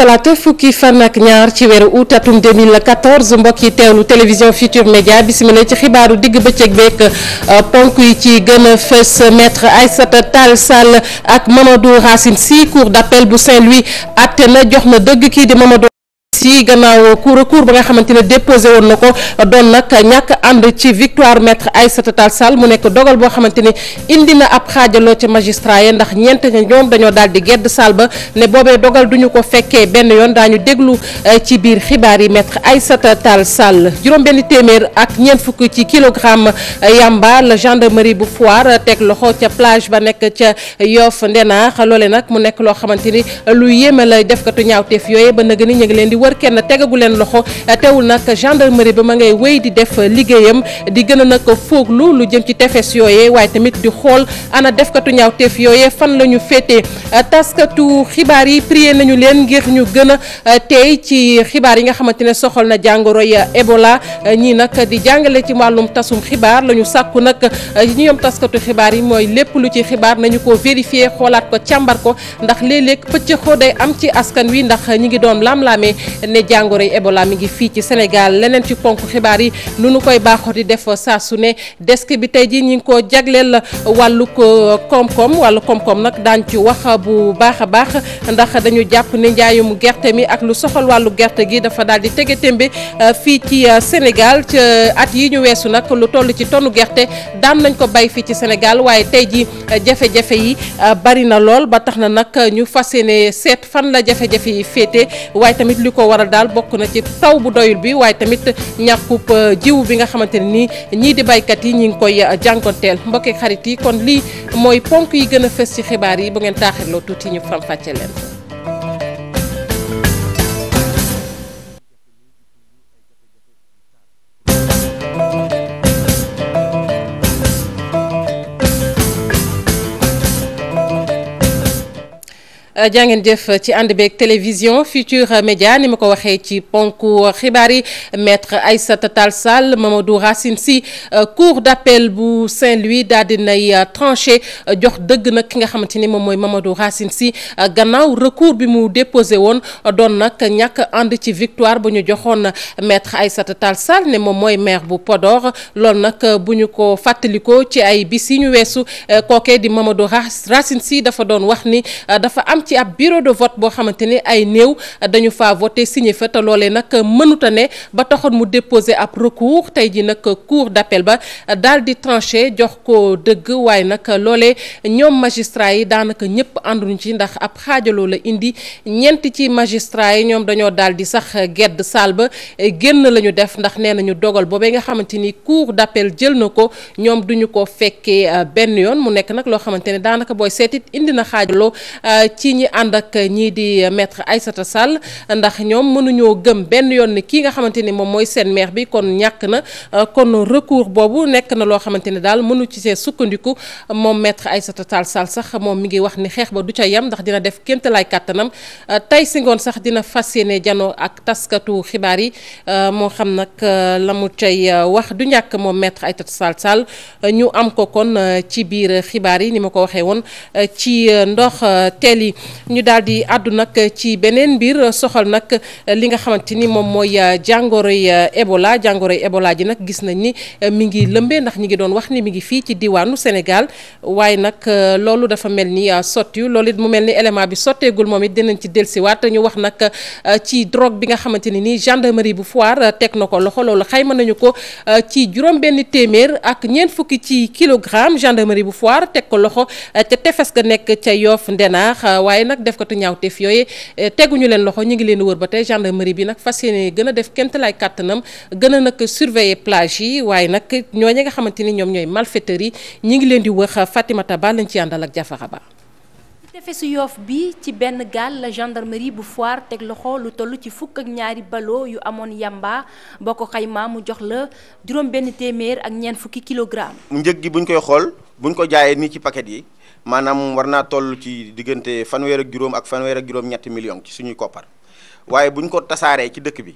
talaata fukki fan ak ñaar ci weeru août atum 2014 mbokk yi teewlu télévision Futur Média bisimilah ci xibaaru digg bëccëg beeg euh, ponk yi ci gën a fës maître Aïssata Tall Sall ak Mamadou Racine Sy cour d'appel bu Saint-Louis àtte na jox na dëgg kii di Mamadou si gannaaw cour recours ba nga xamante ne déposé woon na ko doon nag ñàkk ànd ci victoire maître Aïssata Tall Sall mu nekk dogal boo xamante ne indi na ab xaajaloo ca magistrat yi ndax ñeent nga ñoom dañoo daal di gedd saal ba ne boobee dogal duñu ko fekkee benn yoon daañu déglu eh, ci biir xibaar yi maître Aïssata Tall Sall juróom benn téeméer ak ñeent fukk ci kilogramme eh, yamba la gendarmerie bu Foire teg loxo ca plage ba nekk ca Yoff Ndenaar loole nag mu nekk loo xamante ni lu yéeme la defkatu ñaawteef yooye ba nag kenn tegagu leen loxo teewul nag gendarmerie ba ma ngay wéy di def liggéeyam di gën a nag fooglu lu jëm ci tefes yooyee waaye tamit di xool ana defkatu ñaawteef yooyee fan la ñu féetee taskatu xibaar yi prier nañu leen ngir ñu gën a eh, tey ci xibaar yi nga xamante ne soxal na jàngoro ya eh, Ebola eh, ñii nag di jàngale ci wàllum tasum xibaar la ñu sàkku nag ñoom taskatu xibaar yi mooy lépp lu ci xibaar nañu ko vérifier xoolaat ko càmbar ko ndax léeg-léeg pëcc day am ci askan wi ndax ñi ngi doon lam-laamee ne jàngoro yi Ebola mi ngi fii ci Sénégal leneen ci ponk xibaar yi nu nu koy baaxoo di def saa su ne desk bi tey jii ñu ngi ko jagleel wàllu koom-koom wàllu koom-koom nag daañ ci wax bu baax a baax ndax dañu jàpp ne njaayum gerte mi ak lu soxal wàllu gerte gi dafa daal di tege tembe euh, fii ci euh, Sénégal ca euh, at yi ñu weesu nag lu toll ci tonu gerte daan nañ ko bay fii ci senegal waaye tey jii jafe-jafe yi bari na lool ba tax na nag ñu fas ne seet fan la jafe yi féete waaye tamit waral daal bokk na ci taw bu doyul bi waaye tamit ñàkkub euh, jiw bi nga xamante ne nii ñii di baykat yi ñi ngi koy euh, jànkonteel mbokki xarit yi kon lii mooy ponk yi gën a fës ci xibaar yi bu ngeen taaxirloo tuuti ñu faram fàcce leen Euh, jaa ngeen jëf ci ànd beeg télévision Futurs Médias ni ma ko waxee ci ponk xibaar yi maître ay Tall Sall Mamadou Racine Sy euh, cour d'appel bu Saint-Louis daal di nay euh, tranché jox dëgg nag ki nga xamante ni moom mooy Mamadou Racine Sy gannaaw recours bi mu déposé woon doon nag ñàkk ànd ci victoire bu ñu joxoon na Aïssata Tall Sall ne moom mooy maire bu Podor loolu nag bu ñu ko fàttalikoo ci ay bis yi ñu weesu kookee di Mamadou Racine Sy dafa doon wax ni dafa am. ci ab bureau de vote boo xamante ni ay néew dañu faa voté signé fa te loolee nag mënut a ne ba taxoon mu déposé ab recours tey ji nag cour d'appel ba daal di tranché jox ko dëgg waaye nag loole ñoom magistrat yi daanaka ñëpp ànduñu ci ndax ab xaajaloo la indi ñeent ci magistrat yi ñoom dañoo daal di sax gedd saal ba génn la ñu def ndax nee nañu dogal boobee nga xamante ni cour d'appel jël na ko ñoom duñu ko fekkee euh, benn yoon mu nekk nag loo xamante ne daanaka booy seetit indi na xaajaloo euh, ci ñi ànd ak ñii di maître Aïssata Sall ndax ñoom mënuñoo gëm benn yoon ni kii nga xamante ni moom mooy seen maire bi kon ñàkk na euh, kon recours boobu nekk na loo xamante ni daal mënu ci see sukkandiku moom maître Aïssata Tall Sall sax moom mi ngi wax ni xeex ba du ca yem ndax dina def kéemtalaay kàttanam euh, tey si ngoon sax dina fas yéene janoo ak taskatu xibaar yi euh, moo xam nag la mu cay wax du ñàkk moom metre Aïssata Tall Sall ñu am ko kon ci biir xibaar yi ni ma ko waxee woon ñu daal di àddu nag ci beneen mbir soxal nag li nga xamante ni moom mooy euh, jàngoroy euh, Ebola jàngoroy Ebola ji nag gis nañ ni euh, mi ngi lëmbee ndax ñu ngi doon wax ni mi ngi fii ci diwaanu Sénégal waaye nag loolu dafa mel ni sotti loolu it mu mel ni élément bi sotteegul moom it dinañ ci delsiwaat ñu wax nag ci drogue bi nga xamante ni nii gendarmerie bu Foire teg na ko loxo loolu xayma nañu ko ci juróom benn téeméer ak ñeent fukki ci kilogramme gendarmerie bu Foire teg ko loxo ca tefes ga nekk ca Yoff Ndenaar waaye nag defkatu ñaawteef yooyu eh, teguñu leen loxo ñu ngi leen wër ba tey gendarmerie bi nag fas yéene gën a def kent lay kàttanam gën a nag surveiller plage yi waaye nag ñooñu nga xamante ni ñoom ñooy malfaiteurs yi ñi ngi leen di wax Fatimata Ba lañ ci àndal ak Jafara Ba tefesu yoof bi ci benn gaal la gendarmerie bu Foire teg loxo lu tollu ci fukk ak ñaari balo yu amoon yamba boo ko xaymaa mu jox la juróom benn téeméer ak ñeent fukki kilogramme. njëg gi buñ koy xool buñ ko jaayee nii ci paquet yi. maanaam war naa toll ci diggante fanweer ak juróom ak fanweer ak juróom ñetti million ci suñuy koppar waaye bu ñu ko tasaaree ci dëkk bi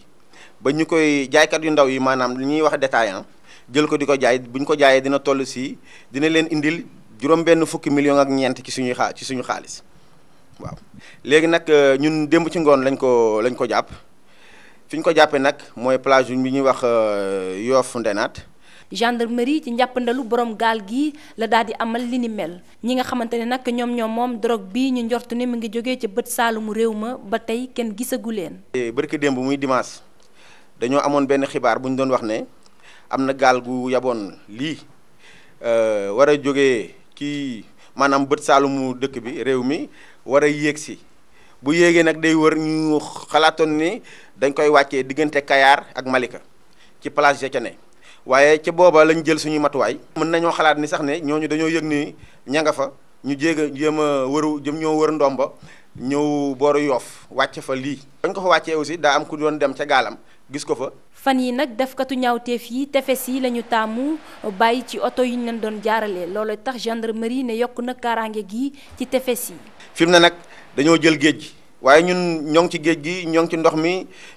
ba ñu koy jaaykat yu ndaw yi maanaam li ñuy wax détaillant ah, jël ko di ko jaay bu ñu ko jaayee dina toll si dina leen indil juróom benn fukki million ak ñeent ci suñuy xaa ci suñu xaalis waaw léegi nag euh, ñun démb ci ngoon lañ ko lañ ko jàpp fi ñu ko jàppee nag mooy plage bi ñuy wax euh, Yoff Ndenaat gendarmerie ci njàppandalu borom gaal gi la daal di amal li ni mel ñi nga xamante ne nag ñoom ñoom moom drogue bi ñu njortu ne mu ngi jógee ca bët saalumu réew ma ba tey kenn gisagu leen. Eh, barki démb muy dimanche dañoo amoon benn xibaar bu ñu doon wax ne am na gaal gu yaboon lii euh, war a jógee ci maanaam bët saalumu dëkk bi réew mi war a yéeg si. bu yéegee nag day wër ñu xalaatoon ni dañ koy wàccee diggante kayaar ak Malika ci place ne waaye ca booba lañ jël suñuy matuwaay mën nañoo xalaat ni sax ne ñooñu dañoo yëg ni ña nga fa ñu jéeg a jéem a wëru jëm ñoo wër ndomba ñëw booru yoof wàcc fa lii dañ ko fa wàccee aussi daa am ku doon dem ca gaalam gis ko fa fan yi nag defkatu ñaawteef yi tefes yi la ñu taamu bàyyi ci oto yi ñu leen doon jaarale loolu tax gendre gendarmerie ne yokk na kaaraange gi ci tefes yi fi mu ne nag dañoo jël géej gi waaye ñun ñoo ngi ci géej gi ñoo ngi ci ndox mi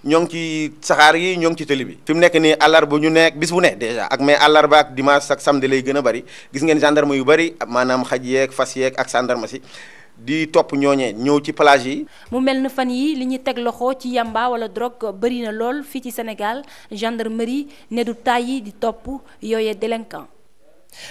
ñoo ngi ci saxaar yi ñoo ngi ci tëli bi fi mu nekk nii àllarba ñu nekk bis bu ne déjà ak mais àllarba ak dimanche ak samedi lay gën a bari gis ngeen gendarme yu bari maanaam xaj yeeg fas yeeg ak gendarme si di topp ñooñee ñëw ci plage yi. mu mel na fan yi li ñu teg loxo ci yamba wala drogue bëri na lool fii ci Sénégal gendarmerie ne du tàyyi di topp yooye délinquant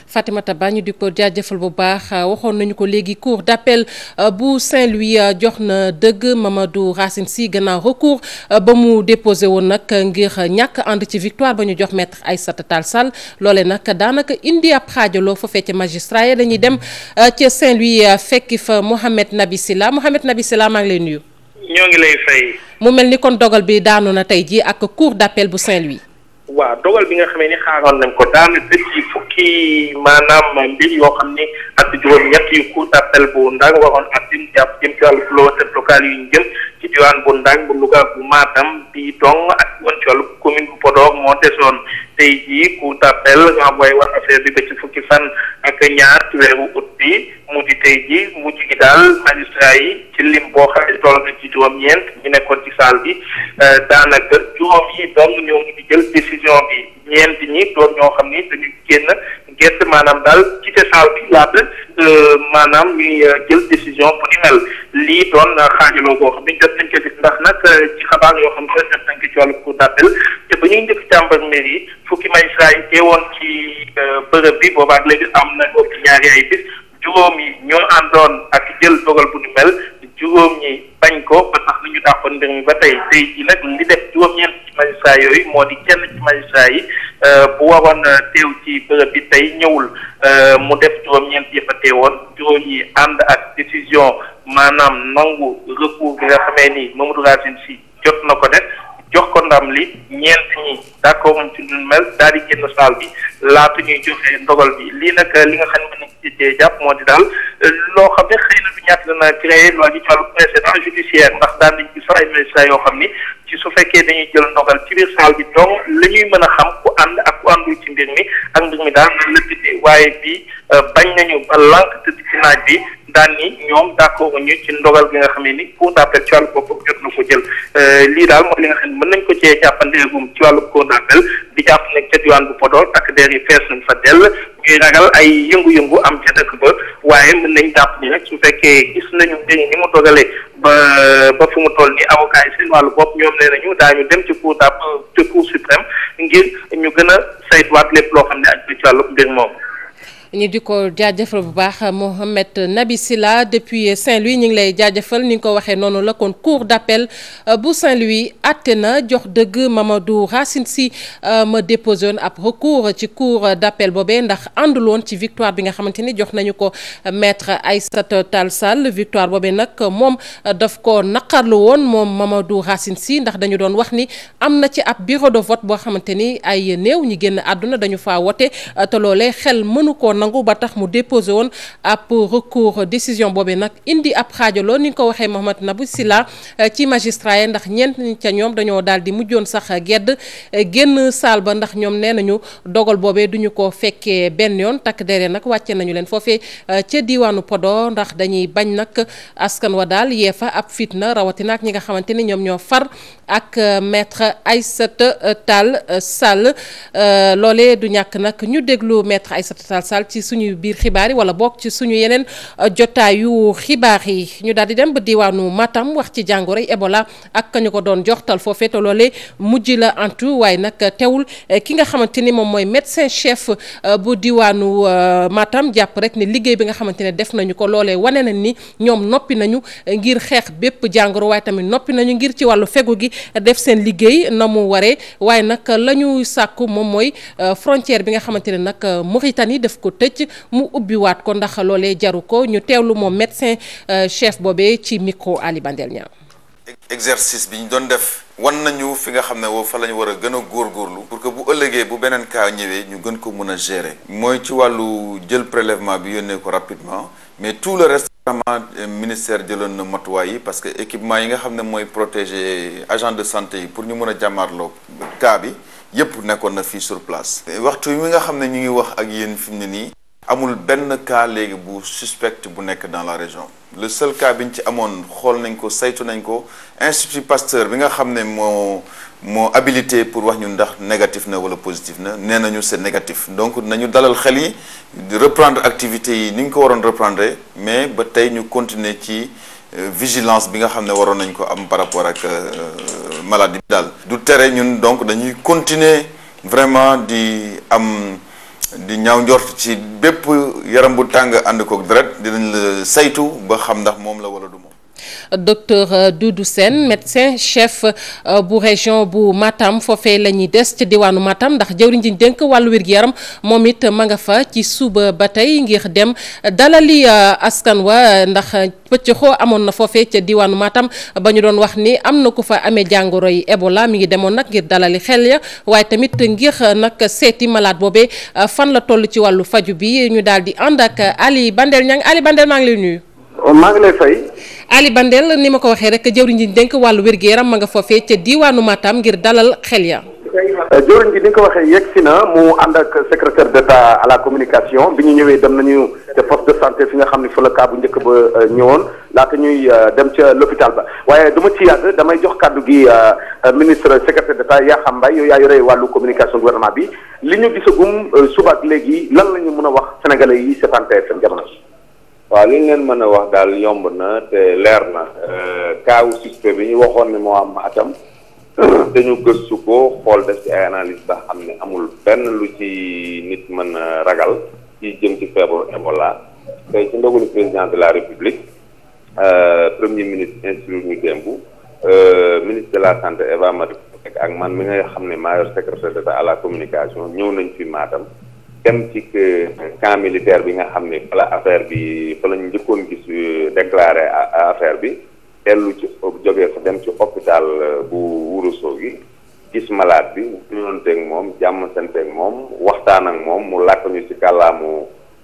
Fatimata Ba ñu di ko jaajëfal bu baax waxoon nañu ko léegi cour d'appel euh, bu Saint-Louis euh, jox na dëgg Mamadou Racine Sy gannaaw recours euh, ba mu déposé woon nag ngir ñàkk ànd ci victoire ba ñu jox maître Aïssata Tall Sall loole nag daanaka indi ab xaajaloo fa fecc magistrat yi dañuy dem ca Saint-Louis fekki fa Mohamed Nabi Silla Mohamed Nabi Silla maa ngi lay nuyu. ñoo ngi lay fay. mu mel ni kon dogal bi daanu na tey jii ak cour d'appel bu Saint-Louis. waaw dogal bi nga xamee ni xaaroon nañ ko daanaka ci fukki maanaam mbir yoo xam ni ak juróom-ñett yu cour d'appel bu ndar waroon ak jëm jàpp jëm ci wàllu locale yu ñu jëm ci diwaan bu Ndang bu Louga bu Matam di Tong ak woon ci wàllu bu Podor moo desoon tey jii ku tàppel nga booy wax affaire bi ba ci fukki fan ak ñaar ci weeru ut bi mu di tey jii mujj gi daal magistrat yi ci lim boo xam ne toll na ci juróom-ñeent ñu nekkoon ci saal bi euh, daanaka juróom yi dong ñoo ngi di jël décision bi ñeent ñi doon ñoo xam ni dañu génn gerte maanaam daal quitté salle bi laata euh, maanaam ñuy euh, jël décision bu ni mel lii doon xaajaloo boo xam ne jot nañ se gis ndax nag euh, ci xabaar yoo xam ne jot nañ ko ci wàllu cour d'appel te ba ñuy njëkk càmbar maire yi fukki magistrat yi teewoon ci bërëb bi boobaak léegi am na ëpp ñaari ay bis juróom yi ñoo àndoon ak jël dogal bu ni mel juróom ñi bañ ko ba tax na ñu dàqoon mbir mi ba tey tey ji nag li def juróom-ñeent ci magistrat yooyu moo di kenn ci magistrat yi euh, bu waroon euh, teew ci bërëb bi tey ñëwul euh, mu def juróom-ñeent yi fa teewoon juróom yi ànd ak décision maanaam nangu recours bi nga xamee ni Mamadou Racine si jot na ko def jox ko ndam li ñeent ñi d'accord moom ci lu mel daal di génn saal bi laata ñuy joxe ndogal bi lii nag li nga xam ne nañ ci cee jàpp moo di daal loo xam ne xëy na du ñàkk dana créé loi ji ci judiciaire ndax daan nañ gis ay magistrat yoo xam ni ci su fekkee dañuy jël ndogal ci biir saal bi donc la ñuy mën a xam ku ànd ak ku àndul ci mbir mi ak mbir mi daal na lëkkati waaye bi euh, bañ nañu ba lànk tëdd ci naaj bi daan ni ñoom d'accord ñu ci ndogal gi nga xam ne ni Cour d'appel ci wàllu boppam jot na ko jël euh, lii daal mooy li nga xam ne mën nañ ko cee jàppandeegum ci wàllu Cour d'appel di jàpp ne ca diwaan bu takk der yi fees nañ fa dell ñuy ragal ay yëngu-yëngu am ca dëkk ba waaye mën nañ jàpp ni nag su fekkee gis nañu dañ ni mu dogalee ba ba fu mu toll ni avocat yi seen wàllu bopp ñoom nee nañu daañu dem ci Cour d'appel ci Cour suprême ngir ñu gën a saytuwaat lépp loo xam ne ak ci wàllu mbir moom ñi di ko jaajëfal bu baax Mohamed Nabi Silla depuis Saint-Louis ñu ngi lay jaajëfal ni nga ko waxee noonu la kon cour d'appel euh, bu Saint-Louis àtte na jox dëgg Mamadou Racine Sy euh, ma déposé woon ab recours ci cour d'appel bobe ndax ànduloon ci victoire bi nga xamante ni jox nañu ko maître Aïssata Tall Sall victoire boobee nag moom euh, daf ko naqarlu woon moom Mamadou Racine Sy ndax dañu doon wax ni am na ci ab bureau de vote boo xamante ni ay néew ñi génn àdduna dañu faa nangu ba tax mu déposé woon ab recours décision boobee nag indi ab xaajaloo ni nga ko waxee Mohamed Nabou Sila eh, ci magistrat yi ndax ñeent ñi ca ñoom dañoo daal di mujjoon sax gedd eh, génn saal ba ndax ñoom nee nañu dogal boobee duñu ko fekkee benn yoon takk dere nag wàcce nañu leen foofee eh, ca diwaanu podo ndax dañuy bañ nag askan wa daal yee fa ab fitna rawatina ñi nga xamante ni ñoom ñoo far ak maître Aïssata Tall Sall loolee du ñàkk nag ñu déglu maître Aïssata Tall ci suñu biir xibaar yi wala bokk ci suñu yeneen euh, jotaayu xibaar yi ñu daal di dem ba diwaanu Matam wax ci jàngoro yi Ebola ak ka ñu ko doon joxtal foofee te loolee mujj la antu waaye nag teewul euh, ki nga xamante ni moom mooy médecin chef euh, bu diwaanu Matam jàpp rek ne liggéey bi nga xamante ne def nañu ko loole wane nañ ni ñoom noppi nañu ngir xeex bépp jàngoro waaye tamit noppi nañu ngir ci wàllu fegu gi def seen liggéey na mu waree waaye nag la ñu tëj mu ubbiwaat ko ndax loolee jaru ko ñu teewlu moom médecin euh, chef boobee ci micro Ali Bandel Niang exercice bi ñu doon def wan nañu fi nga xam ne woo fa la ñu war a gën a góorgóorlu pour que bu ëllëgee bu beneen cas ñëwee ñu gën ko mën a gérer mooy ci wàllu jël prélèvement bi yónnee ko rapidement mais tout le reste vraiment euh, ministère jëloon na matuwaay yi parce que équipement yi nga xam ne mooy protéger agent de santé yi pour ñu mën a jàmmaarloo cas bi yépp nekkoon na fii sur place waxtu yi mi nga xam ne ñu ngi wax ak yéen fi mu ne nii amul benn cas léegi bu suspect bu nekk dans la région le seul cas bi ñu ci amoon xool nañ ko saytu nañ ko institut Pasteur bi nga xam ne moo moo habilité pour wax ñu ndax négatif na wala positif na nee nañu c'est négatif donc nañu dalal xel yi reprendre activité yi ni ñu ko waroon reprendre mais ba tey ñu continuer ci vigilance bi nga xam ne waroon nañ ko am par rapport ak euh, maladie bi daal du tere ñun donc dañuy continuer vraiment di am di ñaaw njort ci bépp yaram bu tàng ànd kook deret dinañ la saytu ba xam ndax moom la wala du docteur euh, Doudou Sène médecin chef euh, bu région bu Matam foofee la ñuy des ci diwaanu Matam ndax jëwriñ ji dénk wàllu wér-gu-yaram moom it ma nga fa ci suba ba tey ngir dem dalali euh, askan wa ndax pëccëxoo amoon na foofee ca diwaanu Matam ba ñu doon wax ni am na ko fa amee jàngoro yi Ebola mi ngi demoon nag ngir dalali xel ya waaye tamit ngir nag seeti malaat boobee fan la toll ci wàllu faju bi ñu daal di ànd ak Ali Bandel ñang Ali Bandel maa ngi Ali Bandel ni ma ko waxee rek jëwriñ ji dénk wàllu wér-gu-yaram ma nga foofee ca diiwaanu Matam ngir dalal xel ya euh, jëwriñ ji ni nga ko waxee yegg si na mu ànd ak secrétaire d'État à la communication bi ñu ñëwee dem nañu te poste de santé fi nga xam ni fa la cas bu njëkk ba euh, ñëwoon laata ñuy euh, dem ca l'hôpital ba waaye du ma ci yàgg damay jox kàddu gi ministre secrétaire d'État Yakham Mbaye mbay yaa yore wàllu communication gouvernement bi li ñu gisagum suba ak léegi lan la ñu mën a wax sénégalais yi seetaan TFM jamono waaw li ñu leen mën a wax daal yomb na te leer na kaawu euh, suspect bi ñu waxoon ne moo am atam dañu gëstu ko xool def ci ay analyse ba xam ne amul benn lu ci nit mën a ragal ci jëm ci feebaru Ebola tey ci ndogalu président de la république euh, premier ministre instruire ñu démb euh, ministre de la santé Eva Marie ak man mi nga xam ne maa yor d'État à la communication ñëw nañu fi maatam dem ci camp militaire bi nga xam ne fa affaire bi fa njëkkoon gis euh, déclaré affaire bi dellu ci jógee fa dem ci hôpital euh, bu Ourossogui gi gis malaat bi dunonteeg moom jàmm moom waxtaan ak moom mu làkk ñu ci kàllaamu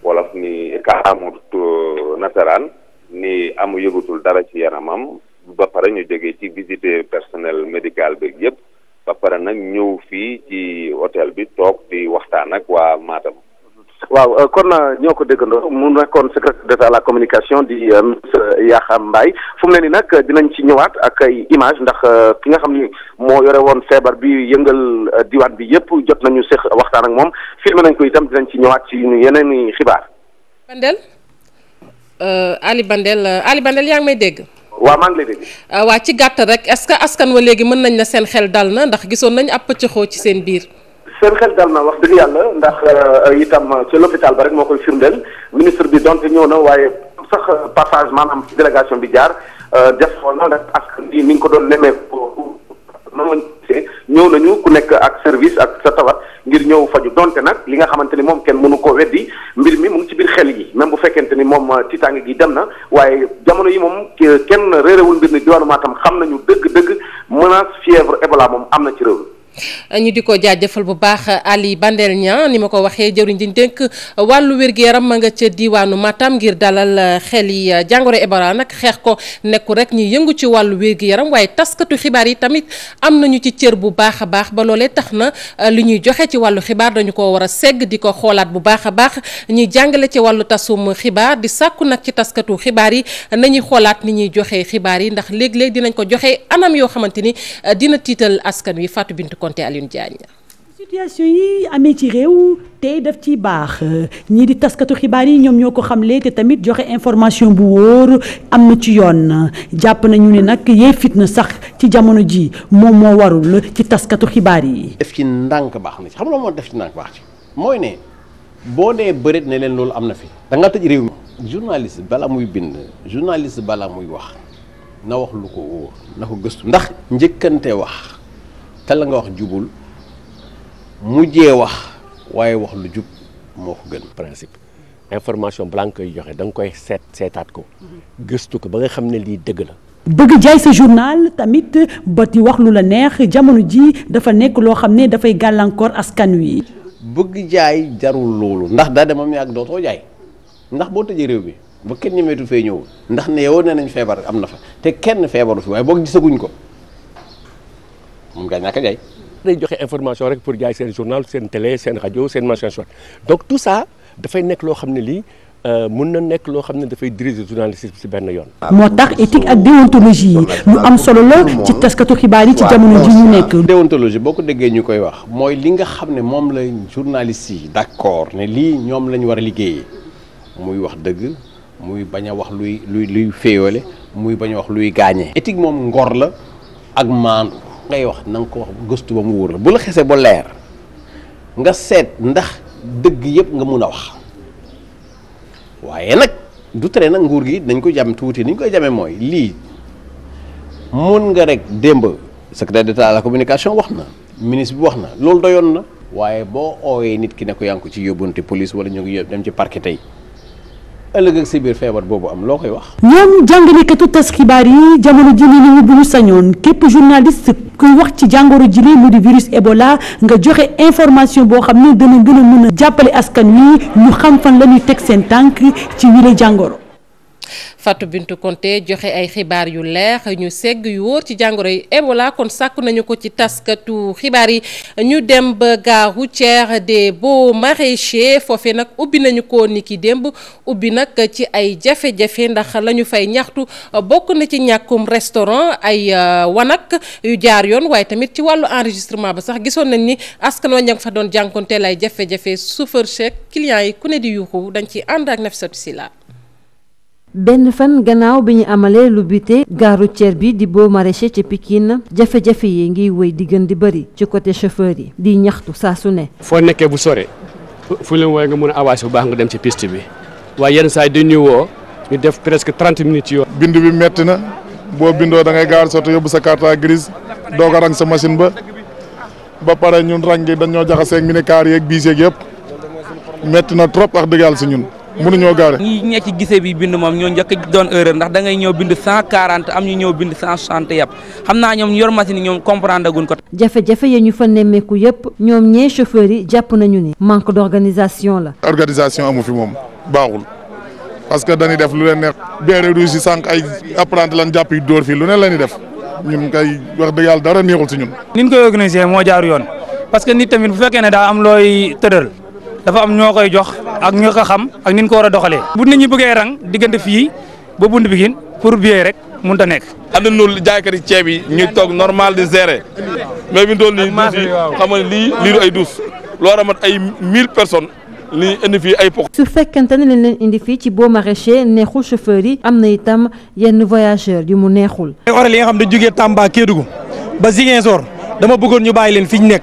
wolof ni kàllaamu euh, nasaraan ni amu yëgatul dara ci yaramam ba pare ñu jóge ci visite personnel médical beeg yépp ba pare nag ñëw fii ci hôtel bi toog di waxtaan ak waa Matam. waaw euh, kon euh, ñoo ko déggandoo mu nekkoon secrétaire d'État à la communication di euh, monsieur mbaay Mbaye fu mu ne nii nag dinañ ci ñëwaat ak ay image ndax ki nga xam ni moo yore woon feebar bi yëngal diwaan bi yëpp jot nañu seq waxtaan ak moom filmé nañ ko itam dinañ ci ñëwaat ci yeneen i xibaar. Bandel Ali Bandel Ali Bandel yaa ngi may dégg. waaw maa ngi lay dégg. Euh, waa ci gàtt rek est-ce que askan wa léegi mën nañ la seen xel dal na ndax gisoon nañ ab pëccëxoo ci seen biir. seen xel dal na wax dëgg yàlla ndax euh, itam euh, ci l'hôpital ba rek moo koy firndeel ministre bi donte ñëw na waaye sax passage maanaam ci délégation bi jaar def xool na ndax askan bi ni nga ko doon nemee noonu la ñëw nañu ku nekk ak service ak sa tawat. ngir ñëw faju donte nag li nga xamante ni moom kenn mënu ko weddi mbir mi mu ngi ci biir xel yi même bu fekkente ni moom euh, tiitaange gi dem na waaye jamono yi moom kenn réerewul mbir ni diwaanu tam xam nañu dëgg-dëgg menace fièvre Ebola moom am na ci réew ñu di ko jaajëfal bu baax Ali Bandel Niang ni ma ko waxee jëwriñ ji dénk wàllu wér-gu-yaram ma nga ca diwaanu Matam ngir dalal xel yi jàngoro Ebola nag xeex ko nekku rek ñi yëngu ci wàllu wér gu waaye taskatu xibaar yi tamit am nañu ci cër bu baax a baax ba loolee tax na uh, li ñuy joxe ci wàllu xibaar dañu ko war a segg di ko xoolaat bu baax a baax ñuy jàngale ci wàllu tasum xibaar di sàkku nag ci taskatu xibaar yi nañuy xoolaat ni ñuy joxe xibaar yi ndax léeg-léeg dinañ ko joxe anam yoo xamante ni uh, dina tiital askan wi Fatou Bintou compter Alioune Diagne. situation yi amee ci réew tey def ciy baax ñii di taskatu xibaar yi ñoom ñoo ko xamle te tamit joxe information bu wóor am na ci yoon jàpp ñu ni nag yee fitna sax ci jamono ji moom moo warul ci taskatu xibaar yi. def ci ndànk baax na ci xam nga moom def ci ndànk baax ci mooy ne boo nee bëreet ne leen loolu am na fi. danga nga tëj réew mi. journaliste bala muy bind journaliste bala muy wax na wax lu ko wóor na ko gëstu ndax njëkkante wax. te la nga wax jubul mujjee wax waaye wax lu jub moo ko gën principe information balaa nga koy joxe da nga koy seet seetaat ko gëstu ko ba nga xam ne lii dëgg la bëgg jaay sa journal tamit ba di wax lu la neex jamono ji dafa nekk loo xam ne dafay gàllankoor askan wi bëgg jaay jarul loolu ndax daa demam ne ak dootoo jaay ndax boo tëjee réew mi ba kenn ñemeetu fee ñëw ndax ne yow nee nañ feebar am na fa te kenn feebaru fi waaye boo gisaguñ ko moom ngay naka jaay. day joxe information rek pour jaay seen journal seen télé seen rajo seen machin chouette donc tout ça dafay nekk loo xam ne lii euh, mën na nekk loo xam ne dafay diriger journalisme ci benn yoon. moo tax éthique ak déontologie yi lu am solo la ci taskatu xibaar yi ci jamono ji ñu nekk. déontologie boo ko déggee ñu koy wax mooy li nga xam ne moom la journaliste yi d'accord ne lii ñoom la ñu war a liggéeyee muy wax dëgg muy bañ a wax luy luy luy féyoole muy bañ a wax luy gaañee. éthique moom ngor la ak maandu. ngay wax nanga ko wax gëstu ba mu wóor la bu la xesee ba leer nga seet ndax dëgg yëpp nga mun a wax waaye nag du tere nag nguur gi dañ ko jam tuuti ni koy jamee mooy lii mun nga rek démb secrétaire d'état à a communication wax na ministre bi wax na loolu doyoon na waaye boo oowee nit ki ne ko yaa ko ci yóbbante police wala ñu ngi dem ci parquet tey ëllëg ak si biir boobu am loo koy wax. ñoom jàngalekatu tas xibaar yi jamono ji ni ñu bu ñu sañoon képp journaliste kuy wax ci jàngoro ji mu di virus Ebola nga joxe information boo xam ne dana gën a mën a jàppale askan wi ñu xam fan la ñuy teg seen tànk ci wile jàngoro. Fatou Bintou konte joxe ay xibaar yu leex ñu segg yu wóor ci jàngoro yi Ebola kon sàkk nañu ko ci taskatu xibaar yi ñu dem ba gare routière des Beaux Maraîchers foofe nag ubbi nañu ko ni ki démb ubbi nag ci ay jafe-jafe ndax lañu fay ñaxtu bokk na ci ñàkkum restaurant ay euh, wanak yu jaar yoon waaye tamit ci wàllu enregistrement ba sax gisoon nañ ni askan wa ña fa doon jànkonteel ay jafe-jafe chauffeur check client yi ku ne di yuuxu dañ ci ànd ak Nafissatou Sila benn fan gannaaw bi ñu amalee lu bite gaaru routière bi di boo Maraîchers ca Pikine jafe-jafe yi ngiy wëy di gën di bëri ci côté chauffeur yi di ñaxtu saa su ne foo nekkee bu sore fu leen wooye nga mën a avancé bu baax nga dem ci piste bi waaye yenn saa yi dañuy woo ñu def presque trente minutes yoo bind bi metti na boo bindoo da ngay gaar soto yóbbu sa carte grise doog a rang sa machine ba ba pare ñun rang yi dañoo jaxaseeg minicar yeeg biis yeeg yëpp metti na trop wax dëgg yàlla si ñun mënuñoo gaare. ñi ñee ci gisee bi bind moom ñoo njëkk doon erreur ndax da ngay ñëw bind cent quarante am ñu ñëw bind cent soixante yàpp xam naa ñoom yor machine ñoom comprendre guñ ko. jafe-jafe yi ñu fa nemmeeku yëpp ñoom ñee chauffeurs yi jàpp nañu ni manque d'organisation la. organisation amu fi moom baaxul parce que dañuy def lu leen neex beere rouge yi sànq ay apprenti lan jàpp yi dóor fii lu ne la ñuy def ñun kay wax dëgg yàlla dara neexul si ñun. ni koy jaar yoon parce que nit tamit bu fekkee ne daa dafa am ñoo koy jox ak ñoo ko xam ak ni ko war a doxalee. bu nit ñu bëggee rang diggante fii ba bunt bi gin pour biee rek mun ta nekk. àndandoo jaaykat yi ceeb yi ñuy toog normal di gérer mais bi ñu doon nii duus xam nga lii lii du ay duus loo ramat ay mille personnes. li indi fii ay pox. su fekkente ne leen leen indi fii ci boo maraîcher neexul chauffeur yi am na itam yenn voyageurs yu mu neexul. ay horaires yi nga xam ne jógee Tamba Kédougou ba Ziguinchor dama bëggoon ñu bàyyi leen fi ñu nekk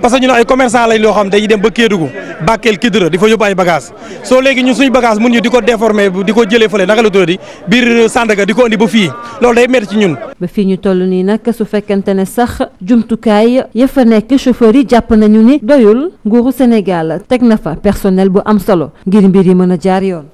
parce que ñun ay commerçant lañ loo xam dañuy dem ba Kédougou Bakel Kidira di yóbbu ay bagage soo léegi ñun suñu bagage mun ñu di ko déformer di ko jëlee fële naka la tuddati biir Sandaga di ko indi ba fii loolu day métti ci ñun. ba fii ñu toll nii nag su fekkente ne sax jumtukaay ya fa nekk chauffeur yi jàpp nañu ni doyul nguuru Sénégal teg na fa personnel bu am solo ngir mbir yi mën a jaar yoon.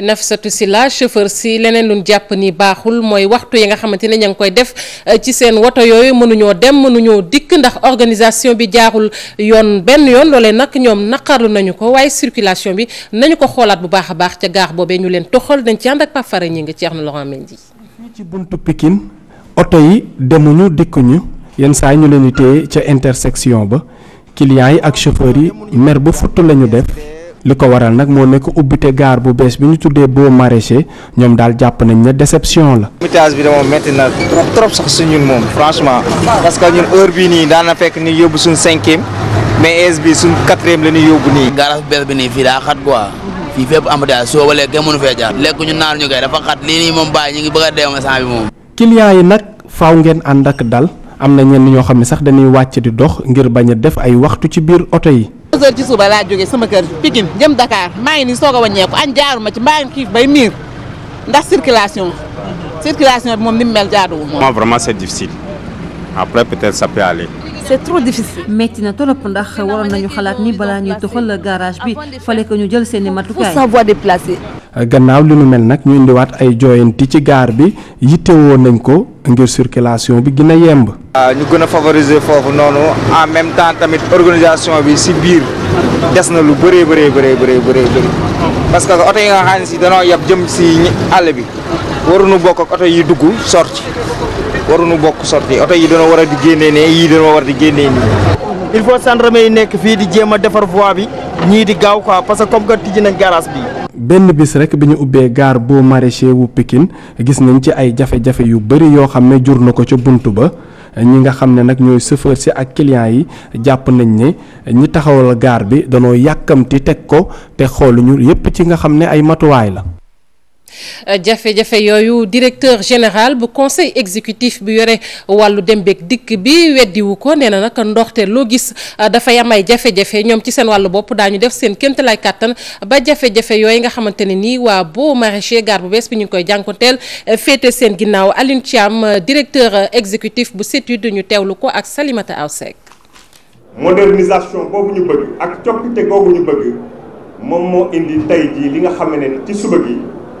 Nafsatou Sylla chauffeur si leneen lu ñu jàpp ni baaxul mooy waxtu yi nga xamante ne ña ngi koy def eh, ci seen woto yooyu mënuñoo dem mënuñoo dikk ndax organisation bi jaarul yoon benn yoon loolee nag ñoom naqarlu nañu ko waaye circulation bi nañu ko xoolaat bu baax a baax ca gaax boobee ñu leen toxal dañ ci ànd ak Pafara ñi ngi Thierno Laurent Mendy. fii ci buntu Pikine oto yi demuñu dikkuñu yenn saa ñu leen di téye ca intersection ba clients yi ak chauffeurs yi mer bu futt lañu def. li ko waral nag moo nekk ubbite gaar bu bees bi ñu tuddee boo maraîcher ñoom daal jàpp nañ ne déception la. embouteillage bi dama métti na trop trop sax si ñun moom franchement parce que ñun heure bii nii daan na fekk ni yóbbu suñ cinquième mais heure bii suñ quatrième la ñuy yóbbu nii. garage bu bees bi nii fii daa xat quoi fii fépp embouteillage soo ba kenn mënu fee jaar lekk ñu naan ñu koy dafa xat lii nii moom bàyyi ñu ngi bëgg a deewee saa bi moom. clients yi nag faaw ngeen ànd ak dal am na ñenn ñoo xam ne sax dañuy wàcc di dox ngir bañ a def ay waxtu ci biir oto yi. deux heures ci suba laa jógee sama kër Pikine jëm Dakar maa ngi nii soog a an añ jaaruma ci maa ngi xiif miir ndax circulation circulation bi moom ni mu mel jaaduwul. moom vraiment c'est difficile après peut-être ça c'est trop difficile. metti na trop ndax waroon nañu xalaat ni balaa ñuy doxal garage bi fale ko ñu jël seeni i matukaay. savoir euh, gannaaw li nu mel nag ñu indiwaat ay jooyanti ci gaar bi yittewoo nañ ko ngir circulation bi gën a yemb. Ah, ñu gën a favoriser foofu noonu en même temps tamit organisation bi si biir des na lu bëree bëree bëree bëree bëri parce que oto yi nga xam ne si yab jëm si àll bi waruñu bokk ak oto yi dugg sorti waruñu bokk sorti oto yi dana war a di génnee ne yii dana war di nii. il faut gendarme yi nekk fii di jéema defar voie bi ñii di gaaw quoi parce que comme que tijji nañ garage bi benn bis rek bi ñu ubbee gaar boo maraîcher wu pikin gis nañ ci ay jafe-jafe yu bëri yoo xam ne jur na ko ca bunt ba ñi nga xam ne nag ñooy chauffeur si ak clients yi jàpp nañ ne ñi taxawal gaar bi danoo yàkkamti teg ko te xooluñu yépp ci nga xam ne ay matuwaay la. jafe-jafe yooyu directeur général bu conseil exécutif bu yore wàllu dem beeg dikk bi weddiwu ko nee na nag ndoxte loo gis ah, dafa am ay jafe-jafe ñoom ci seen wàllu bopp daañu def seen kéemtalaay kàttan ba jafe-jafe yooyu nga xamante ne nii waa boo maraîcher gaar bu bees bi ñu ngi koy jànkonteel eh, féete seen ginnaaw Alioune Thiam eh, directeur executif bu CETUD ñu teewlu ko ak Salimata Aw Seck modernisation boobu ñu bëgg ak coppite googu ñu bëgg moom moo indi tey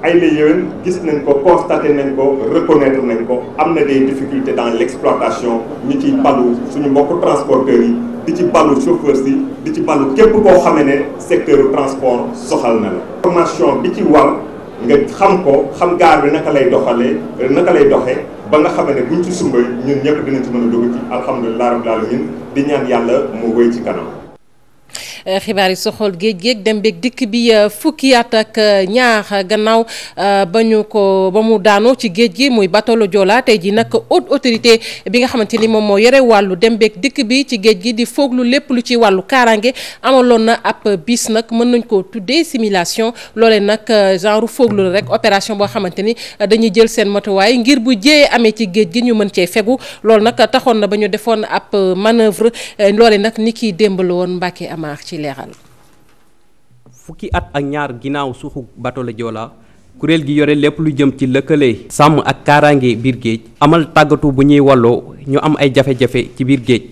ay la yéen gis nañ ko constaté nañ ko reconnaître nañ ko am na des difficultés dans l'exploitation ñu ci balu suñu mbokk transporteurs yi di ci balu chauffeurs si di ci balu képp koo xamee ne secteur transport soxal na la formation bi ci war nga xam ko xam gaar bi naka lay doxalee naka lay doxee ba nga xamee ne buñ ci sumba ñun ñëpp dinañ ci mën a dugg ci alhamdulilah rabbil alamin di ñaan yàlla mu wéy ci kanam Euh, xibaar yi soxool géej géej dem beeg dikk bi euh, fukki at ak euh, ñaar gannaaw ba ñu ko ba mu daanoo ci géej gi muy batolo le tey ji nag haute autorité bi nga xamante ni moom moo yore wàllu dem beeg dikk bi ci géej gi di fooglu lépp lu ci wàllu kaaraange amaloon na ab bis nag mën nañ koo tuddee simulation loole nag genre fooglu rek opération boo xamante ni dañuy jël seen matuwaay ngir bu jéyee amee ci géej gi ñu mën cee fegu loolu nag taxoon na ba ñu defoon ab manœuvre loole nag ni kiy démbal woon Mbacke Amar ci fukki at ak ñaar ginnaaw suuxu bato la Joola kuréel gi yore lépp lu jëm ci lëkkale. sàmm ak kaaraange biir géej. amal tàggatu bu ñuy walloo ñu am ay jafe-jafe ci biir géej.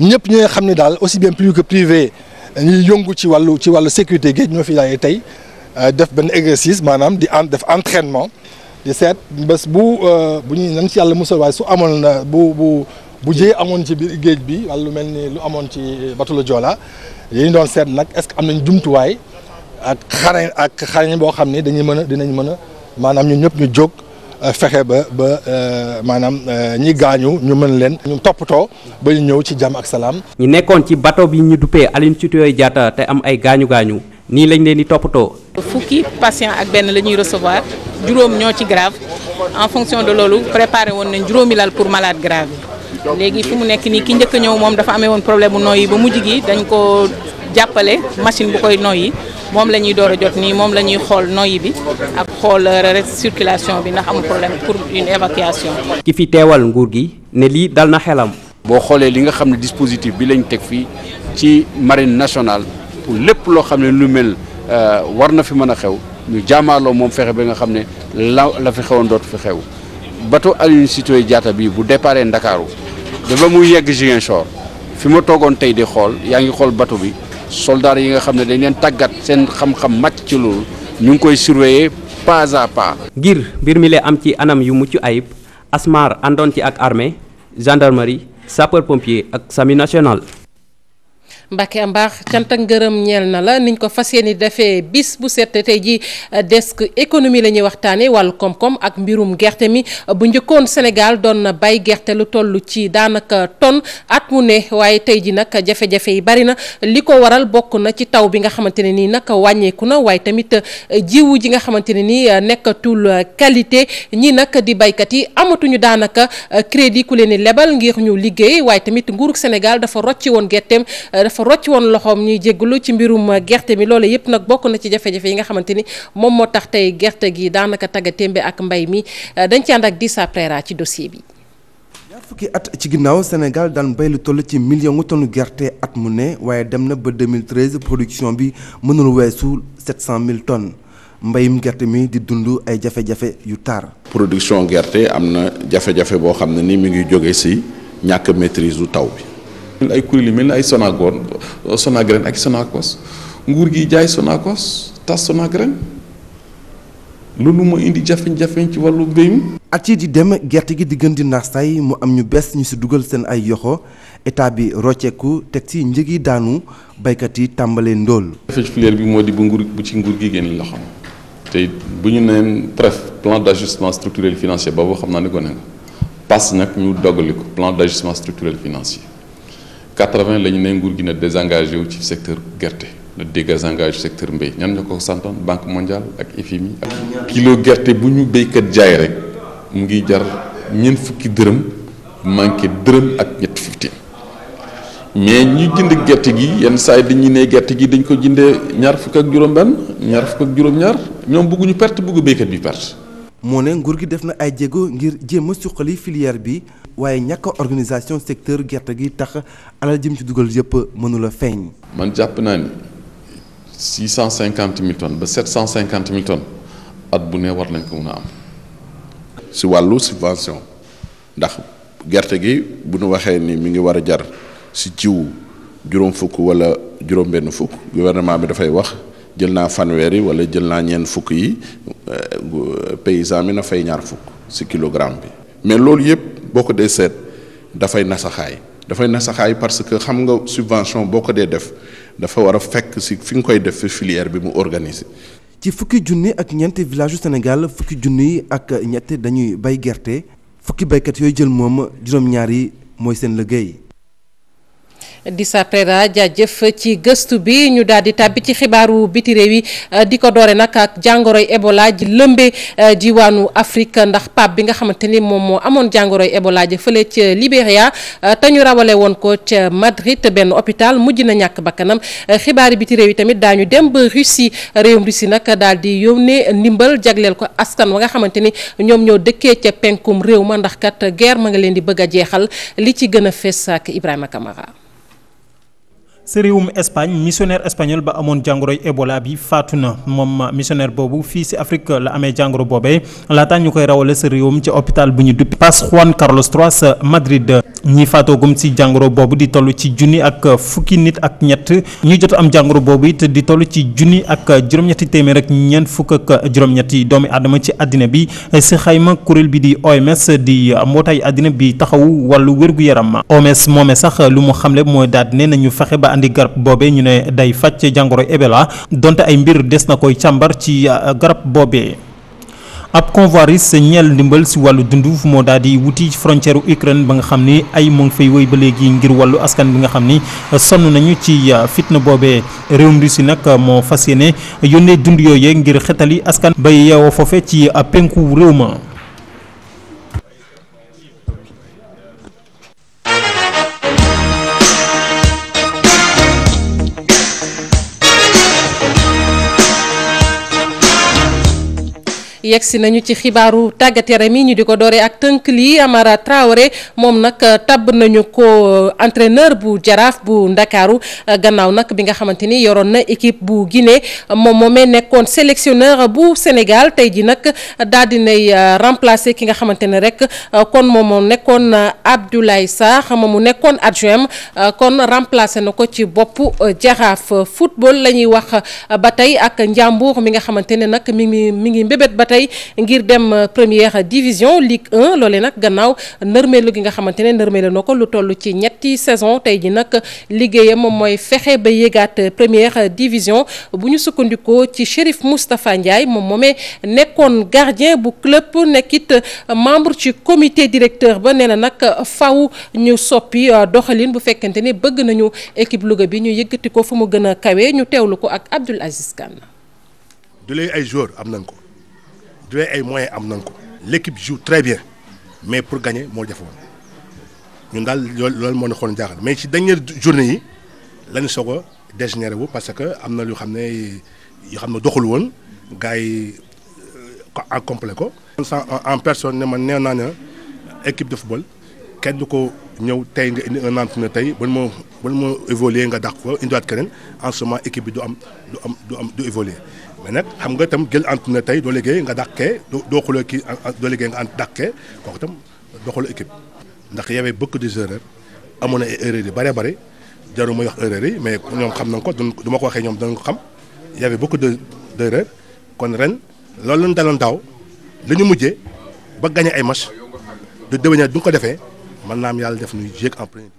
ñëpp ñoo xam ne daal aussi bien public que privé ñuy yëngu ci wàllu ci wàllu sécurité géej ñoo fi daje tey euh, def benn exercice maanaam di en def entraînement di seet bés bu euh, bu ñuy nan ci yàlla musal waaye su amoon na bu bu. bu jëyee amoon ci biir géej bi wala lu mel ni lu amoon ci bateau le Joola yi ñu doon seet nag est-ce que am nañ jumtuwaay ak xarañ ak xarañ boo xam ne dañuy mën a dinañ mën a maanaam ñu ñëpp ñu jóg euh, fexe ba ba euh, maanaam euh, ñi gaañu ñu mën leen. ñu toppatoo ba ñu ñëw ci jàmm ak salaam. ñu nekkoon ci bato bi ñu duppee Aline Sitoé Diatta te am ay gaañu gaañu nii lañ leen di toppatoo. fukki patient ak benn la ñuy recevoir juróom ñoo ci grave en fonction de loolu préparé woon nañ juróomi laal pour malade grave léegi fi mu nekk nii ki njëkk ñëw moom dafa amee woon problème bu noyyi ba mujj gi dañ ko jàppale machine bu koy noyyi moom la ñuy door a jot nii moom la ñuy xool noyyi bi ak xool circulation bi ndax amul problème pour une évacuation. ki fi teewal nguur gi ne lii dal na xelam. boo xoolee li nga xam ne dispositif bi lañ teg fii ci marine nationale pour lépp loo xam ne lu mel euh, war na fi mën a xew ñu jaamaarloo moom fexe bi nga xam ne la la fi xewoon dootu fi xew bateau Aline Sitoé Diatta bi bu déparé Ndakaaru ba ba muy yegg Ziguinchor fi ma toogoon tey di xool yaa ngi xool bato bi soldats yi nga xam ne dañ leen tàggat seen xam-xam màcc ci loolu ñu ngi koy surveiller pas à pas. ngir mbir mi lee am ci anam yu mucc ayib ASMAR àndoon ci ak armée gendarmerie sapeur pompier ak SAMU national. Mbacke Ambar cant ak ngërëm ñeel na la niñ ko fas yéene defee bis bu set tey ji desk économie la ñuy waxtaanee wàllu koom ak mbirum gerte mi bu njëkkoon Sénégal doon na bay gerte lu toll ci daanaka tonne at mu ne waaye tey ji nag jafe-jafe yi bari na li ko waral bokk na ci taw bi nga xamante ne nii nag wàññeeku na waaye tamit eh, jiwu ji nga xamante ne nii eh, nekkatul eh, qualité ñi nag di baykat yi amatuñu daanaka crédit ku leen lebal ngir ñu liggéey waaye tamit Sénégal dafa rocci woon gerteem. dafa rocc woon loxoom ñuy jéggalu ci mbirum gerte mi loolu yëpp nag bokk na ci jafe-jafe yi nga xamante ni moom moo tax tey gerte gi daanaka tagga bi ak mbay mi euh, dañ ci ànd ak Dissa Preira ci dossier bi ñaar fukki at ci ginnaaw Sénégal daan béy lu toll ci million ngu tonu gerte at mu ne waaye dem na ba 2013 production bi mënul weesu 700 000 tonnes mbayum gerte mi di dund ay jafe-jafe yu taar. production gerte am na jafe-jafe boo xam ne ni mu ngi jóge ci ñàkk maîtrise du taw ay kuréel yu mel ni ay Sonagon Sonagraine ak Sonacos nguur gi jaay Sonacos tas Sonagraine loolu moo indi jafe-jafe ci wàllu mbéy mi at yi di dem gerte gi di gën di mu am ñu bees ñu si dugal seen ay yoxo état bi rocceeku teg ci njëg yi daanu baykat yi tàmbalee ndóol. jafe bi moo di bu nguur bu ci nguur gi génn la xam te bu ñu neen TREF plan d'ajustement structurel financier boobu xam naa ni ko ne nga pass nag ñu doggali ko plan d'ajustement structurel financier. 80 la ñu ne nguur gi na désengagé wu ci secteur gerte na désengagé secteur mbéy ñan ñoo ko santoon banque mondiale ak FMI ak kilo gerte bu ñu béykat jaay rek mu ngi jar ñeent fukki dërëm manqué dërëm ak ñett fifteen mais ñu jënd gerte gi yenn saa yi dañuy ne gerte gi dañ ko jëndee ñaar fukk ak juróom-benn ñaar fukk ak juróom-ñaar ñoom bëgguñu perte bëggu béykat bi perte. moo ne nguur gi def na ay jéego ngir jéem a suqali filière bi. waaye ñàkk organisation secteur gerte gi tax alal jëm ci dugal yëpp mënula feeñ. man jàpp naa ni six cent cinquante mille ba sept cent cinquante mille tonnes at bu nee war nañ ko mun a am. si wàllu subvention ndax gerte gi bu nu waxee ni mi ngi war a jar si jiw juróom fukk wala juróom benn fukk gouvernement bi dafay wax. jël naa fanweer yi wala jël naa ñeent fukk yi euh, paysan bi na fay ñaar fukk ci kilogramme bi mais loolu yëpp boo ko dee seet dafay nasaxaay dafay nasaxaay parce que xam nga subvention boo ko dee def dafa war a fekk si fi nga koy def fi filière bi mu organise ci fukki junni ak ñeenti village yu Sénégal fukki junni ak ñett dañuy bay gerte fukki baykat yooyu jël moom juróom-ñaar mooy seen liggéey. Dissa Préra jaajëf ci gëstu bi ñu daal di tàbbi ci xibaaru biti réew yi euh, di ko doore nag ak jàngoroy Ebola ji lëmbee euh, jiwaanu Afrique ndax pap bi nga xamante ni moom moo amoon jàngoroy Ebola ji fële ca Libéria euh, te ñu rawale woon ko ca Madrid benn hôpital mujj na ñàkk bakkanam xibaari biti réew yi tamit daañu dem ba Russie réewum Russie nag daal di yónnee ndimbal jagleel ko askan wa nga xamante ni ñoom ñoo dëkkee ca penkum réew ma ndax kat guerre a nga leen di bëgg a jeexal li ci gën a fees ak Ibrahima Kamara sa réewum Espagne missionnaire espagnol ba amoon jàngoroy Ebola bi faatu na moom missionnaire boobu fii si Afrique la amee jàngoro boobee laataa ñu koy rawale sa réewum ci hôpital bu ñu duppi Pass Juan Carlos III sa Madrid ñi faatoogum si jàngoro boobu di toll ci junni ak fukki nit ak ñett ñi jot am jàngoro boobu it di toll ci junni ak juróom-ñetti téeméer ak ñeent fukk ak juróom-ñetti doomi adama ci àddina bi si xayma kuréel bi di OMS di mbootaay àddina bi taxawu wàllu wér-gu-yaram OMS moome sax lu mu xamle mooy daal ne nañu fexe ba andi garab boobe ñu ne day faj jàngoro Ebola donte ay mbir des na koy càmbar ci euh, garab boobe ab convoiris ñeel ndimbal si wàllu dund moo daal di wuti frontière Ukraine ba nga xam ni ay mu ngi fay wéy ba léegi ngir wàllu askan bi nga xam ni euh, sonn nañu ci euh, fitna boobe réewum Russie nag moo fas yéene yónnee dund yooyee ngir xetali askan bay yeewoo foofe ci penku réew ma. yegg si nañu ci xibaaru tàggat yaram yi ñu di ko dooree ak tënk lii Amara Traoré moom nag euh, tabb nañu ko euh, entraîneur bu jaraaf bu ndakaaru euh, gannaaw nag bi nga xamante ni yoroon na équipe bu Guinée moom moomee nekkoon sélectionneur bu Sénégal tey ji nag daal dinay remplacer ki nga xamante ne rek kon moom moo nekkoon Abdoulaye Sarr moom mu nekkoon adjoint kon remplacer na ko ci bopp jaraaf football la ñuy wax ba tey ak Ndiambour mi nga xamante ne nag mi mi ngi ngir dem euh, première division Ligue 1 loolee nag gannaaw nërmeelu gi nga xamante ne nërmeelu na ko lu toll ci ñetti saison tey ji nag liggéeyam moom mooy fexe ba yéegaat première division bu ñu sukkandikoo ci Chérif Moustapha Ndiaye moom moomee nekkoon gardien bu club nekkit euh, membre ci comité directeur ba nee na nag faw ñu soppi euh, doxalin bu fekkente ni bëgg nañu équipe Louga bi ñu yëkkati ko fu mu gën kawee ñu teewlu ko ak Abdoul Aziz Kane am nañ ko du dee ay moyens am nañ ko l'équipe joue très bien mais pour gagner moo jafe woon ñun daal loolu moo ne xool jaaxal mais ci dernière journée yi lañu soog a dégénéré wu parce que am na lu xam ne yoo xam ne doxul woon gars yi euh, en complet ko. en personne ne man nee naa ne équipe de football kenn du ko ñëw tey nga indi un entraîneur tey ban moo ban moo évoluer nga dax ko indiwaat keneen en ce moment équipe bi du am du am du am du évoluer. mais nag xam nga itam jël ant na tey doo liggéey nga dàqee doo xuloo kii doo liggéey nga ant dàqee kooku itam doxalu équipe ndax y avait beaucoup de amoon na ay erreurs yu bëree bëri jarul may wax erreurs yi mais ñoom xam nañ ko du ma ko waxee ñoom danañ ko xam y avait beaucoup de d'erreurs kon ren loolu lañ daloon daaw la ñu mujjee ba gagné ay match du déwénee du ko defee man naam yàlla def nuy jéeg en premier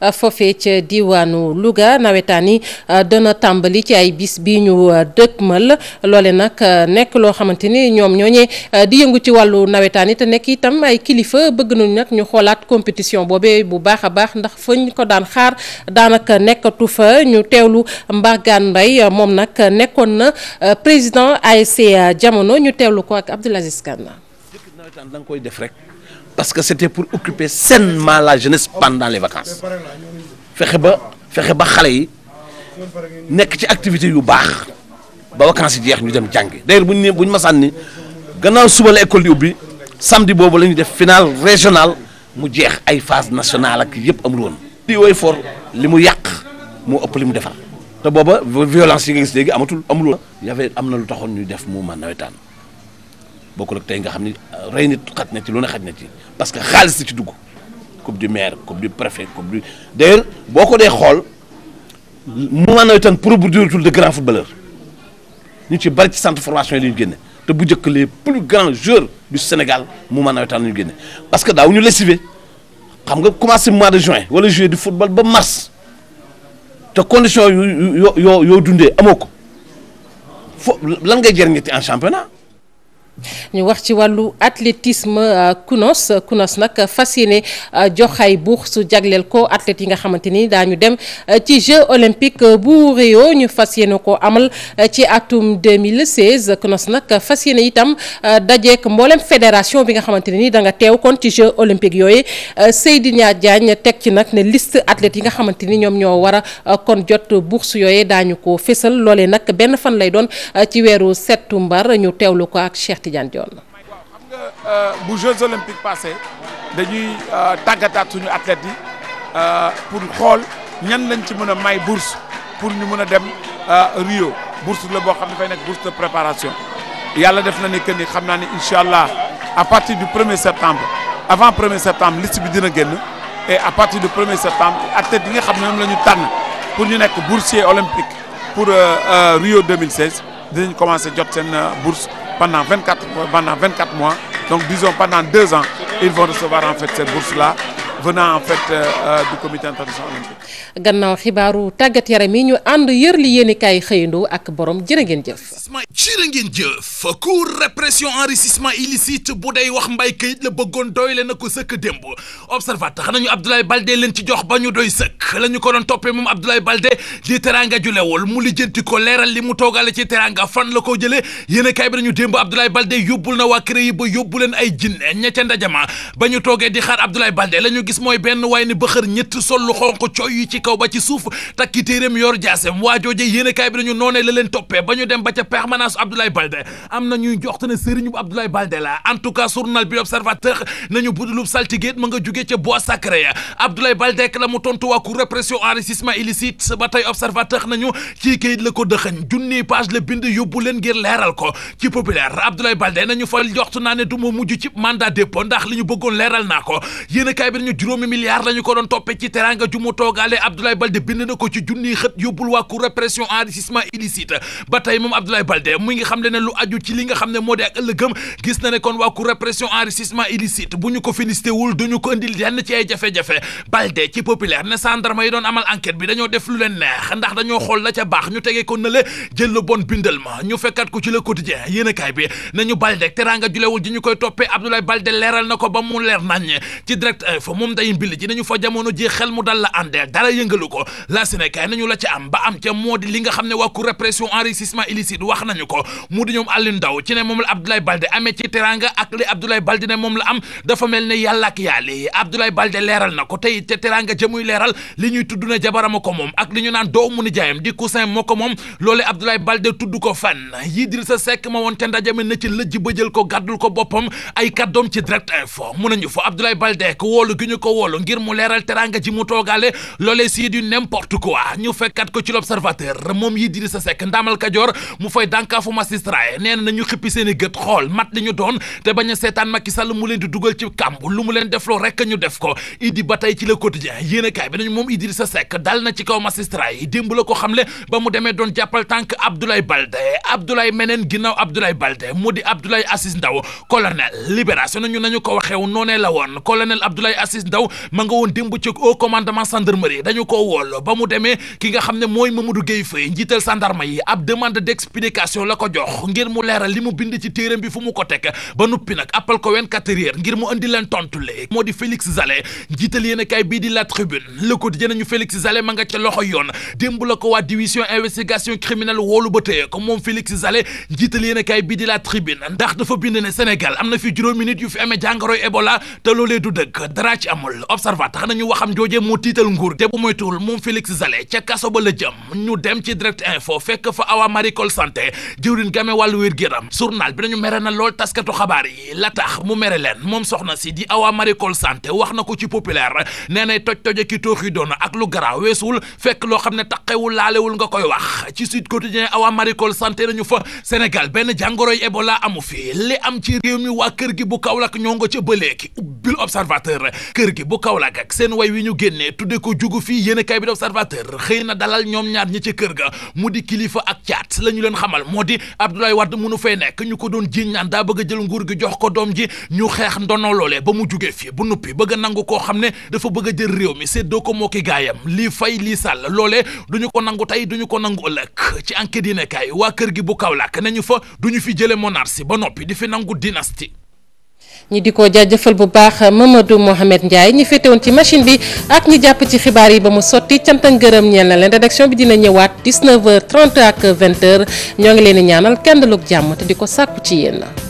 Uh, foofee ca diwaanu Louga nawetaan yi uh, dana tàmbali ci ay bis bi ñu uh, dëkkmal loole nag nekk loo xamante ni ñoom ñooñee di yëngu ci wàllu nawetaan yi te nekk itam ay kilifa bëgg nañu nag ñu xoolaat compétition boobe bu baax a baax ndax fa ñu ko daan xaar daanaka nekkatu fa ñu teewlu Mbargane mbay moom nag nekkoon na président ay ASC jamono ñu teewlu ko ak Abdoul Aziz Kane. dëkk nawetaan def rek. parce que c'était pour occuper sainement la jeunesse pendant les vacances fexe ba fexe ba xale yi nekk ci activité yu baax ba vacances yi jeex ñu dem jàngi d'ailleurs bu ne buñ masaan ni gannaaw suba la école di ubbi samedi boobu la ñuy def finale régional mu jeex ay phase nationale ak yëpp amul woon. for li mu yàq moo ëpp li mu defar te booba violence yi nga gis léegi amatul amul woon. y avait am na lu taxoon ñu def mouvement nawetaan bokkul ak tey nga xam ni euh, rey nit xaj na ci lu ne xaj na ci parce que xaalis la ci dugg coupe du maire coupe du préfet coupe du d'ailleurs boo ko dee xool moment nawetaan produiretul de grands footballeurs ñu ci bari ci centre formation yi la ñu génne te bu njëkk les plus grands joueurs du Sénégal moment nawetaan la ñu génne parce que daaw ñu lessivé xam nga commencé mois de juin wala juillet du football ba mars te condition yoo yoo yoo dundee amoo ko fo lan ngay jëriñati en championnat ñu wax ci wàllu athlétisme euh, kunos kunos nag fas yéene euh, joxay bourse su jagleel ko athlètes yi nga xamante ni daañu dem euh, ci jeu olympique bu Rio ñu fas yéene ko amal ci atum 2016 kunos nag fas yéene itam dajeek mboolem fédération bi nga xamante ne ni da nga teew kon ci jeu olympique yooyu Seydina Diagne teg ci nag ne list athlètes yi nga xamante ni ñoom ñoo war a kon jot bourse yooyu daañu ko fésal loole nag benn fan lay doon ci weeru septembre ñu teewlu ko ak Cheikh Tidiane Dione. xam nga euh, bu Jeux olympiques passé dañuy euh, tàggataat suñu athlètes yi euh, pour xool ñan lañ ci mën a may bourse pour ñu mun a dem Rio bourse la boo xam ne dafay nekk bourse de préparation yàlla def na ni que ni xam naa ni incha allah à partir du 1er avant 1er li liste bi dina génn et à partir du 1er septembre athlètes nga xam ne moom la ñu tànn pour ñu nekk boursier olympique pour Rio 2016 dinañ commencé jot seen bourse pendant 24, pendant 24 mois. Donc disons venant en fait euh, euh, du comité international olympique. gannaaw xibaaru tàggat yaram yi ñu ànd yër li yéen i kaay xëyandoo ak borom jërë ngeen jëf. jërë ngeen jëf cour répression enrichissement illicite bu dey wax mbay kayit la bëggoon doyle na ko sëkk démb observateur nañu Abdoulaye Baldé leen ci jox ba ñu doy sëkk la ko doon toppee moom Abdoulaye Baldé di teranga julewul mu lijjanti ko leeral li mu toogale ci teranga fan la ko jëlee yéen a kaay bi nañu démb Abdoulaye Baldé yóbbul na waa CREI ba yóbbu leen ay jinne ña ca ndajama ba ñu di xaar Abdoulaye gis mooy benn waay ni bëxër ñett sol lu xonq cooy yi ci kaw ba ci suuf takki téeréem yor jaasem waa jooje yéene bi dañu noonee la leen toppee ba ñu dem ba ca permanence Abdoulaye Baldé am na ñuy joxte ne sëriñu Abdoulaye Baldé la en tout cas journal bi l'Observateur nañu budulub saltiguéet ma nga jugee ca bois sacré ya Abdoulaye Baldé ak la mu tontu waa Cour répression enrichissement illicite ba tey Observateur nañu ci kayit la ko dëxañ junni page la ne du ma ci mandat dépôt li ñu bëggoon leeral naa ko juróomi milliards la ñu ko doon toppe ci teranga ju mu toogaale Abdoulaye Balde bind na ko ci junniy xët yóbbul waa cour répression enrichissement illicite ba tey moom Abdoulaye Balde mu ngi xam le ne lu aju ci li nga xam ne moo de ak ëllëgëm gis na ne kon waa cour répression enrichissement illicite bu ñu ko félicité wul duñu ko indil yenn ci ay jafe-jafe Balde ci populaire ne gendarme yi doon amal enquête bi dañoo def lu leen neex ndax dañoo xool la ca baax ñu tegee ko nële jël lu bon bindal ma ñu fekkat ko ci le quotidien yéen a kaay bi nañu Balde teranga julewul ji ñu koy toppee Abdoulaye Balde leeral na ko ba mu leer nañ moom ndey mbil ji nañu fa jamono ji xel mu dal la àndee dara yëngalu ko la Sénégal nañu la ci am ba am ca moo di nga xam ne waa Cour répression enrichissement illicite wax nañu ko mu di ñoom Aliou Ndao ci ne moom la Abdoulaye Balde amee ci teranga ak li Abdoulaye Balde ne moom la am dafa mel ne yàlla ak yàlla Abdoulaye Balde leeral na ko tey te teranga jëmuy leeral li ñuy tudd ne jabarama ko moom ak li ñu naan doomu nijaayam di cousin moo ko moom na ci lëjj ba jël ko gàddul ko boppam ay kàddoom ci direct info mun nañu fa Abdoulaye Balde di ko woolu ngir mu leeral teranga ji mu toogaale loolee sii du n'importe quoi ñu fekkat ko ci l'observateur moom yi diri sa sekk ndaamal kajoor mu fay dànkaafu magistrat yi na nañu xippi seen i gët xool mat li ñu doon te bañ a seetaan Macky Sall mu leen di dugal ci kàmb lu mu leen defloo rek ñu def ko idi ba tey ci le quotidien yéen a bi nañu moom Idrissa Seck dal na ci kaw magistrat yi démb la ko xamle ba mu demee doon jàppal tànk Abdoulaye Ndaw ma nga woon démb ci au commandement gendarmerie dañu ko wool ba mu demee ki nga xam ne mooy Mamadou Gueye Faye njiital gendarme yi ab demande d'explication la ko jox ngir mu leeral li mu bind ci téeram bi fu mu ko tek ba noppi nag appel ko 24 heures ngir mu andi leen tontu le moo di Félix Zale njiital yéenekaay bii di La Tribune Le Quotidien ñu Félix Zale ma nga ca loxo yoon démb la ko waa division investigation criminelle woolu ba tëye ko moom Félix Zale njiital yéenekaay bii di La Tribune ndax dafa bind ne Sénégal am na fi juróomi nit yu fi amee jàngoroy Ebola te loolee du dëgg dara ci amul observateur tax nañu waxam jooje moo tiital nguur te bu moytuwul moom Félix Zale ca kaso ba la jëm ñu dem ci direct info fekk fa Awa Marie Coll santé jëwriñ game wàllu wér géram journal bi nañu mere na lool taskatu xabaar yi la tax mu mere leen moom soxna si di Awa Marie Coll santé wax na ko ci populaire nee toj-toje ki tooxi ak lu garaaw weesuwul fekk loo xam ne taqewul laalewul nga koy wax ci Sud Quotidien Awa Marie Coll santé nañu fa gi bu Kaolack ñoo nga ca kër gi bu Kaolack ak seen woy wi ñu génnee tuddee ko jugu fii yéen a bi di observateur xëy na dalal ñoom ñaar ñi ci kër ga mu di kilifa ak caat la ñu leen xamal moo di Abdoulaye Wade mënu fee nekk ñu ko doon jiiñ naan daa bëgg a jël nguur gi jox ko doom ji ñu xeex ndono loolee ba mu jugee fii bu nuppi bëgg a nangu koo xam ne dafa bëgg jël réew mi séddoo ko mokki ki gaayam lii fay lii sàll du ñu ko nangu tey duñu ko nangu ëllëg ci enquête yi nekkaay waa kër gi bu Kaolack nañu fa duñu fi jële monarchie ba noppi di fi nangu ñi di ko jaajëfal bu baax Mamadou Mohamed Ndiaye ñi féetewoon ci machine bi ak ñi jàpp ci xibaar yi ba mu sotti cantan gërëm ñeel leen rédaction bi dina ñëwaat 19h30 ak 20 ñoo ngi leen di ñaanal kenn lu jàmm te di ko sàkku ci yéen.